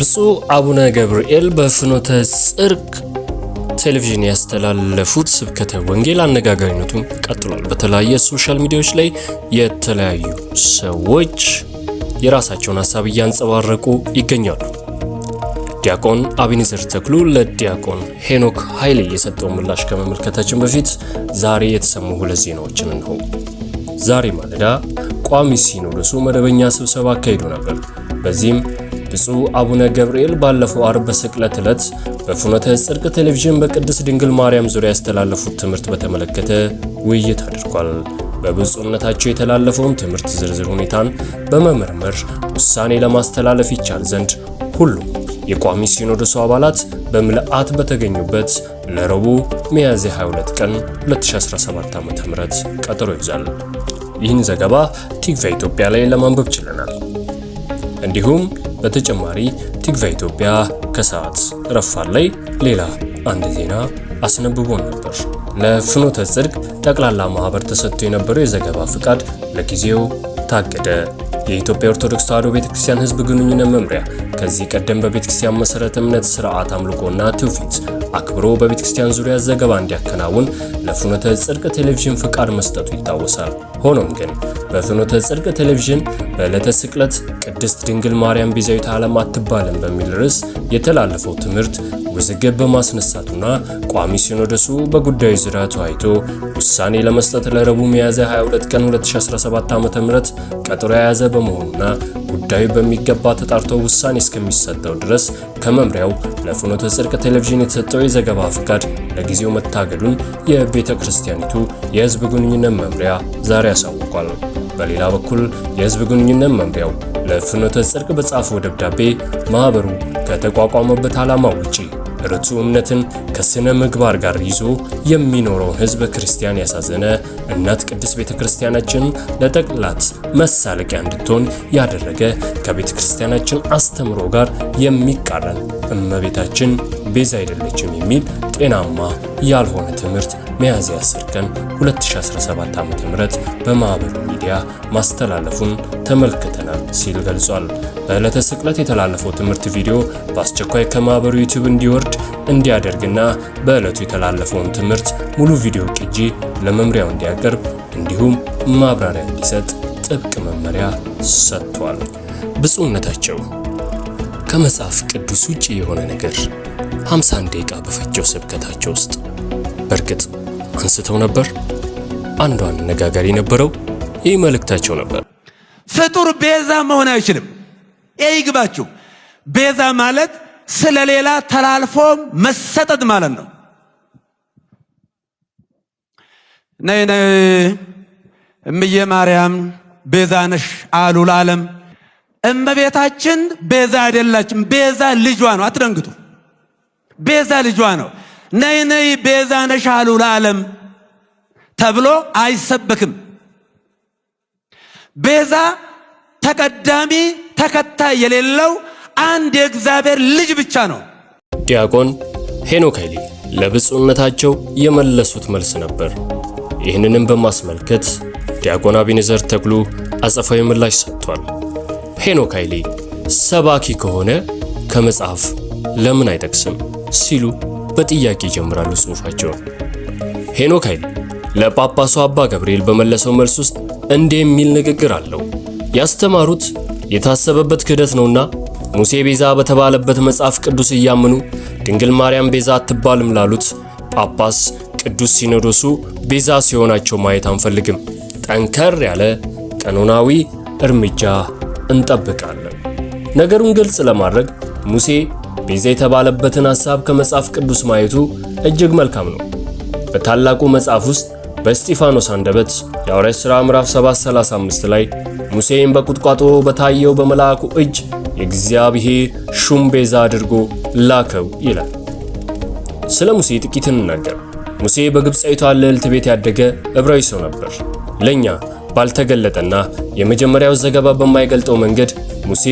ብፁዕ አቡነ ገብርኤል በፍኖተ ጽድቅ ቴሌቪዥን ያስተላለፉት ስብከተ ወንጌል አነጋጋሪነቱን ቀጥሏል። በተለያየ ሶሻል ሚዲያዎች ላይ የተለያዩ ሰዎች የራሳቸውን ሀሳብ እያንጸባረቁ ይገኛሉ። ዲያቆን አቢኒዘር ተክሉ ለዲያቆን ሄኖክ ኃይሌ የሰጠው ምላሽ ከመመልከታችን በፊት ዛሬ የተሰሙ ሁለት ዜናዎችን እንሆ። ዛሬ ማለዳ ቋሚ ሲኖዶሱ መደበኛ ስብሰባ አካሂዶ ነበር። በዚህም ብፁዕ አቡነ ገብርኤል ባለፈው አርብ በስቅለት ዕለት በፍኖተ ጽድቅ ቴሌቪዥን በቅድስት ድንግል ማርያም ዙሪያ ያስተላለፉት ትምህርት በተመለከተ ውይይት አድርጓል። በብፁዕነታቸው የተላለፈውን ትምህርት ዝርዝር ሁኔታን በመመርመር ውሳኔ ለማስተላለፍ ይቻል ዘንድ ሁሉም የቋሚ ሲኖዶሱ አባላት በምልአት በተገኙበት ለረቡዕ ሚያዝያ 22 ቀን 2017 ዓ.ም ቀጠሮ ይዛል። ይህን ዘገባ ቲክቫህ ኢትዮጵያ ላይ ለማንበብ ችለናል። እንዲሁም በተጨማሪ ቲግቫ ኢትዮጵያ ከሰዓት ረፋድ ላይ ሌላ አንድ ዜና አስነብቦ ነበር። ለፍኖተ ጽድቅ ጠቅላላ ማህበር ተሰጥቶ የነበረው የዘገባ ፍቃድ ለጊዜው ታገደ። የኢትዮጵያ ኦርቶዶክስ ተዋሕዶ ቤተክርስቲያን ሕዝብ ግንኙነት መምሪያ ከዚህ ቀደም በቤተክርስቲያን መሰረተ እምነት ስርዓት አምልኮና ትውፊት አክብሮ በቤተክርስቲያን ዙሪያ ዘገባ እንዲያከናውን ለፍኖተ ጽድቅ ቴሌቪዥን ፍቃድ መስጠቱ ይታወሳል። ሆኖም ግን በፍኖተ ጽድቅ ቴሌቪዥን በዕለተ ስቅለት ቅድስት ድንግል ማርያም ቤዛዊተ ዓለም አትባልም በሚል ርዕስ የተላለፈው ትምህርት ውዝግብ በማስነሳቱና ቋሚ ሲኖዶሱ በጉዳዩ ዙሪያ ተወያይቶ ውሳኔ ለመስጠት ለረቡዕ ሚያዝያ 22 ቀን 2017 ዓ.ም ቀጠሮ የያዘ በመሆኑና ጉዳዩ በሚገባ ተጣርቶ ውሳኔ እስከሚሰጠው ድረስ ከመምሪያው ለፍኖተ ጽድቅ ቴሌቪዥን የተሰጠው የዘገባ ፍቃድ ለጊዜው መታገዱን የቤተ ክርስቲያኒቱ የሕዝብ ግንኙነት መምሪያ ዛሬ አሳውቋል። በሌላ በኩል የሕዝብ ግንኙነት መምሪያው ለፍኖተ ጽድቅ በጻፈው ደብዳቤ ማኅበሩ ከተቋቋመበት ዓላማ ውጪ ርቱ እምነትን ከስነ ምግባር ጋር ይዞ የሚኖረውን ህዝብ ክርስቲያን ያሳዘነ እናት ቅድስት ቤተ ክርስቲያናችን ለጠቅላት መሳለቂያ እንድትሆን ያደረገ ከቤተ ክርስቲያናችን አስተምሮ ጋር የሚቃረን እመቤታችን ቤዛ አይደለችም የሚል ጤናማ ያልሆነ ትምህርት ሚያዝያ 10 ቀን 2017 ዓ.ም በማህበሩ ሚዲያ ማስተላለፉን ተመልክተናል ሲል ገልጿል። በዕለተ ስቅለት የተላለፈው ትምህርት ቪዲዮ በአስቸኳይ ከማህበሩ ዩቲዩብ እንዲወርድ እንዲያደርግና በዕለቱ የተላለፈውን ትምህርት ሙሉ ቪዲዮ ቅጂ ለመምሪያው እንዲያቀርብ እንዲሁም ማብራሪያ እንዲሰጥ ጥብቅ መመሪያ ሰጥቷል። ብፁዕነታቸው ከመጽሐፍ ቅዱስ ውጪ የሆነ ነገር 51 ደቂቃ በፈጀው ስብከታቸው ውስጥ በእርግጥ አንስተው ነበር። አንዱ አነጋጋሪ የነበረው ይህ መልእክታቸው ነበር። ፍጡር ቤዛ መሆን አይችልም። ይህ ይግባችሁ። ቤዛ ማለት ስለሌላ ተላልፎ መሰጠት ማለት ነው። ነይ ነይ እምዬ ማርያም ቤዛ ነሽ አሉ ለዓለም። እመቤታችን ቤዛ አይደላችም። ቤዛ ልጇ ነው። አትደንግጡ። ቤዛ ልጇ ነው። ነይ ነይ ቤዛ ነሻሉ ለዓለም ተብሎ አይሰበክም። ቤዛ ተቀዳሚ ተከታይ የሌለው አንድ የእግዚአብሔር ልጅ ብቻ ነው። ዲያቆን ሄኖክ ኃይሌ ለብፁዕነታቸው የመለሱት መልስ ነበር። ይህንንም በማስመልከት ዲያቆን አቤኔዘር ተክሉ አጸፋዊ ምላሽ ሰጥቷል። ሄኖክ ኃይሌ ሰባኪ ከሆነ ከመጽሐፍ ለምን አይጠቅስም ሲሉ በጥያቄ ይጀምራሉ ጽሑፋቸውን። ሄኖክ ኃይሌ ለጳጳሱ አባ ገብርኤል በመለሰው መልስ ውስጥ እንዲህ የሚል ንግግር አለው። ያስተማሩት የታሰበበት ክህደት ነውና ሙሴ ቤዛ በተባለበት መጽሐፍ ቅዱስ እያመኑ ድንግል ማርያም ቤዛ አትባልም ላሉት ጳጳስ ቅዱስ ሲኖዶሱ ቤዛ ሲሆናቸው ማየት አንፈልግም። ጠንከር ያለ ቀኖናዊ እርምጃ እንጠብቃለን። ነገሩን ግልጽ ለማድረግ ሙሴ ቤዛ የተባለበትን ሐሳብ ከመጽሐፍ ቅዱስ ማየቱ እጅግ መልካም ነው። በታላቁ መጽሐፍ ውስጥ በእስጢፋኖስ አንደበት የሐዋርያት ሥራ ምዕራፍ 7፡35 ላይ ሙሴን በቁጥቋጦ በታየው በመልአኩ እጅ የእግዚአብሔር ሹም ቤዛ አድርጎ ላከው ይላል። ስለ ሙሴ ጥቂት እንናገር። ሙሴ በግብፃዊቷ ልዕልት ቤት ያደገ ዕብራዊ ሰው ነበር። ለኛ ባልተገለጠና የመጀመሪያው ዘገባ በማይገልጠው መንገድ ሙሴ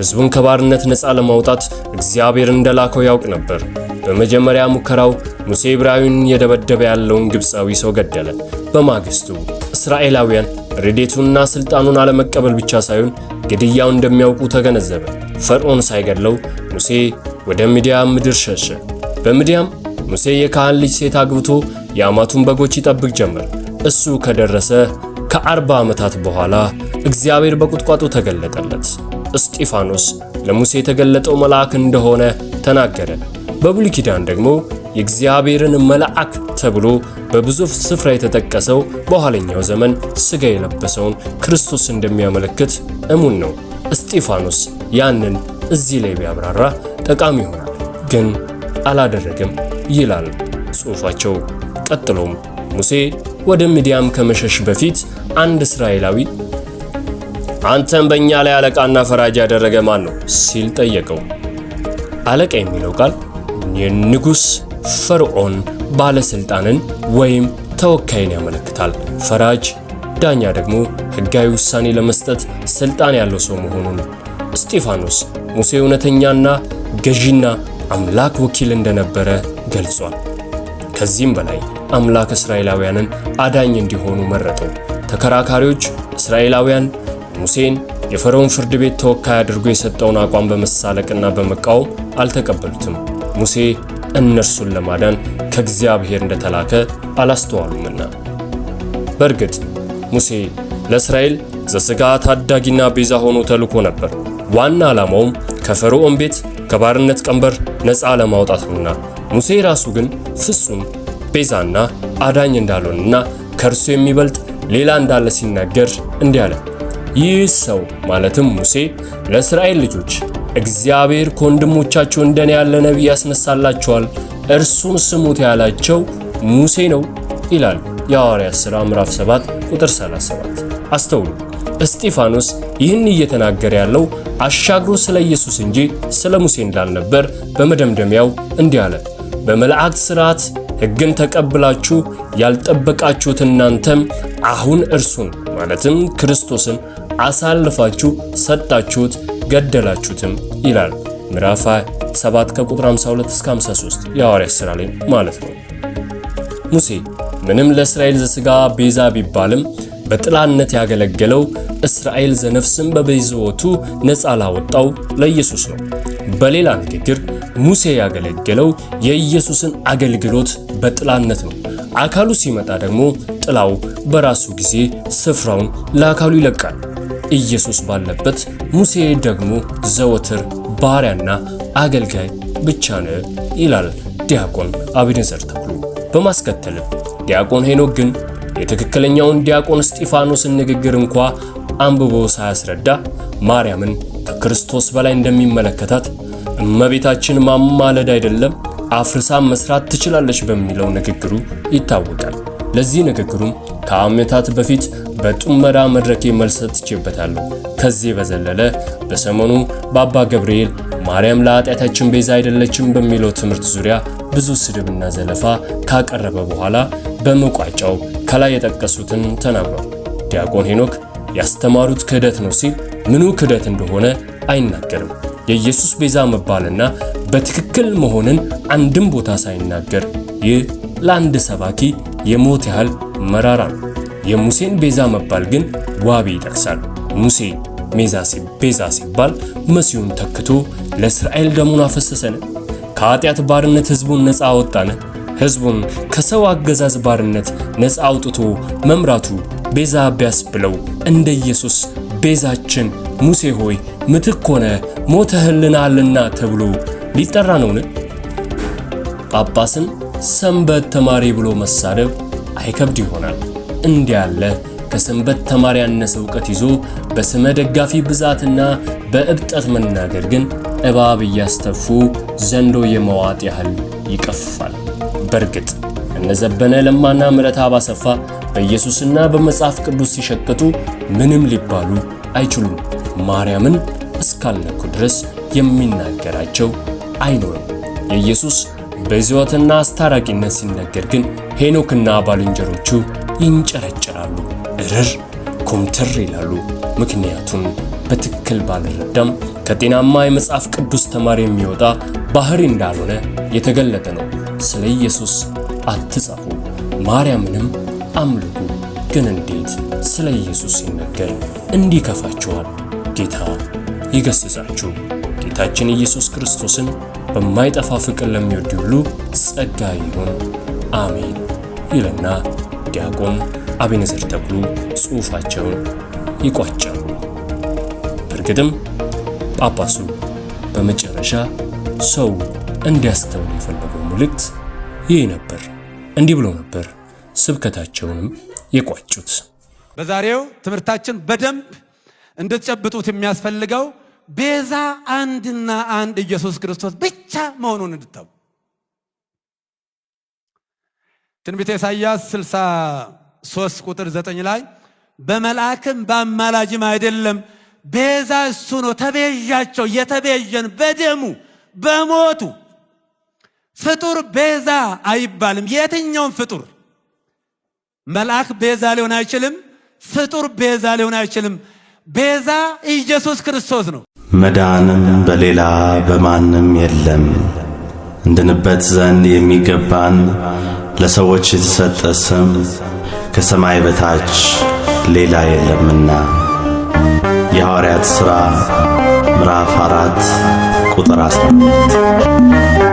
ሕዝቡን ከባርነት ነፃ ለማውጣት እግዚአብሔር እንደላከው ያውቅ ነበር። በመጀመሪያ ሙከራው ሙሴ ዕብራዊውን እየደበደበ ያለውን ግብፃዊ ሰው ገደለ። በማግስቱ እስራኤላውያን ረድኤቱንና ስልጣኑን አለመቀበል ብቻ ሳይሆን ግድያው እንደሚያውቁ ተገነዘበ። ፈርዖን ሳይገድለው ሙሴ ወደ ምድያም ምድር ሸሸ። በምድያም ሙሴ የካህን ልጅ ሴት አግብቶ የአማቱን በጎች ይጠብቅ ጀመር። እሱ ከደረሰ ከአርባ ዓመታት በኋላ እግዚአብሔር በቁጥቋጦ ተገለጠለት። እስጢፋኖስ ለሙሴ የተገለጠው መልአክ እንደሆነ ተናገረ። በብሉይ ኪዳን ደግሞ የእግዚአብሔርን መልአክ ተብሎ በብዙ ስፍራ የተጠቀሰው በኋለኛው ዘመን ሥጋ የለበሰውን ክርስቶስ እንደሚያመለክት እሙን ነው። እስጢፋኖስ ያንን እዚህ ላይ ቢያብራራ ጠቃሚ ይሆናል፣ ግን አላደረግም ይላል ጽሑፋቸው። ቀጥሎም ሙሴ ወደ ምድያም ከመሸሽ በፊት አንድ እስራኤላዊ አንተም በእኛ ላይ አለቃና ፈራጅ ያደረገ ማን ነው ሲል ጠየቀው። አለቃ የሚለው ቃል የንጉስ ፈርዖን ባለስልጣንን ወይም ተወካይን ያመለክታል። ፈራጅ ዳኛ ደግሞ ህጋዊ ውሳኔ ለመስጠት ስልጣን ያለው ሰው መሆኑን። እስጢፋኖስ ሙሴ እውነተኛና ገዢና አምላክ ወኪል እንደነበረ ገልጿል። ከዚህም በላይ አምላክ እስራኤላውያንን አዳኝ እንዲሆኑ መረጠው። ተከራካሪዎች እስራኤላውያን ሙሴን የፈርዖን ፍርድ ቤት ተወካይ አድርጎ የሰጠውን አቋም በመሳለቅና በመቃወም አልተቀበሉትም። ሙሴ እነርሱን ለማዳን ከእግዚአብሔር እንደተላከ አላስተዋሉምና። በእርግጥ ሙሴ ለእስራኤል ዘስጋት ታዳጊና ቤዛ ሆኖ ተልኮ ነበር። ዋና ዓላማውም ከፈርዖን ቤት ከባርነት ቀንበር ነፃ ለማውጣት ነውና። ሙሴ ራሱ ግን ፍጹም ቤዛና አዳኝ እንዳልሆነና ከእርሱ የሚበልጥ ሌላ እንዳለ ሲናገር እንዲህ ይህ ሰው ማለትም ሙሴ ለእስራኤል ልጆች እግዚአብሔር ከወንድሞቻቸው እንደኔ ያለ ነቢይ ያስነሳላቸዋል፣ እርሱን ስሙት ያላቸው ሙሴ ነው ይላል የሐዋርያት ሥራ ምዕራፍ 7 ቁጥር 37። አስተውሉ፣ እስጢፋኖስ ይህን እየተናገረ ያለው አሻግሮ ስለ ኢየሱስ እንጂ ስለ ሙሴ እንዳልነበር በመደምደሚያው እንዲህ አለ። በመላእክት ሥርዓት ሕግን ተቀብላችሁ ያልጠበቃችሁት እናንተም አሁን እርሱን ማለትም ክርስቶስን አሳልፋችሁ ሰጣችሁት፣ ገደላችሁትም ይላል ምዕራፍ 7 ከቁጥር 52 እስከ 53 የሐዋርያት ሥራ ላይ ማለት ነው። ሙሴ ምንም ለእስራኤል ዘሥጋ ቤዛ ቢባልም በጥላነት ያገለገለው እስራኤል ዘነፍስን በቤዛዎቱ ነፃ ላወጣው ለኢየሱስ ነው። በሌላ ንግግር ሙሴ ያገለገለው የኢየሱስን አገልግሎት በጥላነት ነው። አካሉ ሲመጣ ደግሞ ጥላው በራሱ ጊዜ ስፍራውን ለአካሉ ይለቃል። ኢየሱስ ባለበት ሙሴ ደግሞ ዘወትር ባሪያና አገልጋይ ብቻ ነው ይላል ዲያቆን አቤኔዘር ተክሉ። በማስከተልም ዲያቆን ሄኖክ ግን የትክክለኛውን ዲያቆን እስጢፋኖስን ንግግር እንኳ አንብቦ ሳያስረዳ ማርያምን ከክርስቶስ በላይ እንደሚመለከታት እመቤታችን ማማለድ አይደለም አፍርሳ መስራት ትችላለች በሚለው ንግግሩ ይታወቃል። ለዚህ ንግግሩም ከዓመታት በፊት በጡመራ መድረኬ መልስ ሰጥቼበታለሁ። ከዚህ በዘለለ በሰሞኑ በአባ ገብርኤል ማርያም ለኃጢአታችን ቤዛ አይደለችም በሚለው ትምህርት ዙሪያ ብዙ ስድብና ዘለፋ ካቀረበ በኋላ በመቋጫው ከላይ የጠቀሱትን ተናግሯል። ዲያቆን ሄኖክ ያስተማሩት ክህደት ነው ሲል ምኑ ክህደት እንደሆነ አይናገርም። የኢየሱስ ቤዛ መባልና በትክክል መሆንን አንድም ቦታ ሳይናገር ይህ ለአንድ ሰባኪ የሞት ያህል መራራ ነው። የሙሴን ቤዛ መባል ግን ዋቢ ይጠቅሳል። ሙሴ ቤዛ ሲባል መሲሁን ተክቶ ለእስራኤል ደሙን አፈሰሰን፣ ከኃጢአት ባርነት ሕዝቡን ነፃ አወጣን፣ ሕዝቡን ከሰው አገዛዝ ባርነት ነፃ አውጥቶ መምራቱ ቤዛ ብለው እንደ ኢየሱስ ቤዛችን ሙሴ ሆይ ምትክ ሆነ ሞተህልናልና ተብሎ ሊጠራ ነውን? ጳጳስን ሰንበት ተማሪ ብሎ መሳደብ አይከብድ ይሆናል። እንዲያለ ከሰንበት ተማሪ ያነሰ እውቀት ይዞ በስመ ደጋፊ ብዛትና በእብጠት መናገር ግን እባብ እያስተፉ ዘንዶ የመዋጥ ያህል ይቀፋል። በእርግጥ እነዘበነ ለማና ምረታ ባሰፋ በኢየሱስና በመጽሐፍ ቅዱስ ሲሸቅጡ ምንም ሊባሉ አይችሉም። ማርያምን እስካልነኩ ድረስ የሚናገራቸው አይኖርም። የኢየሱስ በዝዋትና አስታራቂነት ሲነገር ግን ሄኖክና ባልንጀሮቹ ይንጨረጨራሉ፣ እርር ኩምትር ይላሉ። ምክንያቱን በትክክል ባልረዳም ከጤናማ የመጽሐፍ ቅዱስ ተማሪ የሚወጣ ባህሪ እንዳልሆነ የተገለጠ ነው። ስለ ኢየሱስ አትጻፉ፣ ማርያምንም አምልኩ። ግን እንዴት ስለ ኢየሱስ ሲነገር እንዲከፋችኋል? ጌታ ይገስጻችሁ። ጌታችን ኢየሱስ ክርስቶስን በማይጠፋ ፍቅር ለሚወድ ሁሉ ጸጋ ይሁን አሜን ይልና ዲያቆን አቤነዘር ተክሉ ጽሑፋቸውን ይቋጫሉ። በእርግጥም ጳጳሱ በመጨረሻ ሰው እንዲያስተውል የፈለገው መልእክት ይህ ነበር። እንዲህ ብሎ ነበር ስብከታቸውንም የቋጩት። በዛሬው ትምህርታችን በደንብ እንድትጨብጡት የሚያስፈልገው ቤዛ አንድና አንድ ኢየሱስ ክርስቶስ ብቻ መሆኑን እንድታው ትንቢተ ኢሳይያስ 63 ቁጥር 9 ላይ በመልአክም በአማላጅም አይደለም ቤዛ እሱ ነው፣ ተቤዣቸው። የተቤዠን በደሙ በሞቱ ፍጡር ቤዛ አይባልም። የትኛውም ፍጡር መልአክ ቤዛ ሊሆን አይችልም። ፍጡር ቤዛ ሊሆን አይችልም። ቤዛ ኢየሱስ ክርስቶስ ነው። መዳንም በሌላ በማንም የለም። እንድንበት ዘንድ የሚገባን ለሰዎች የተሰጠ ስም ከሰማይ በታች ሌላ የለምና። የሐዋርያት ሥራ ምዕራፍ አራት ቁጥር አስራ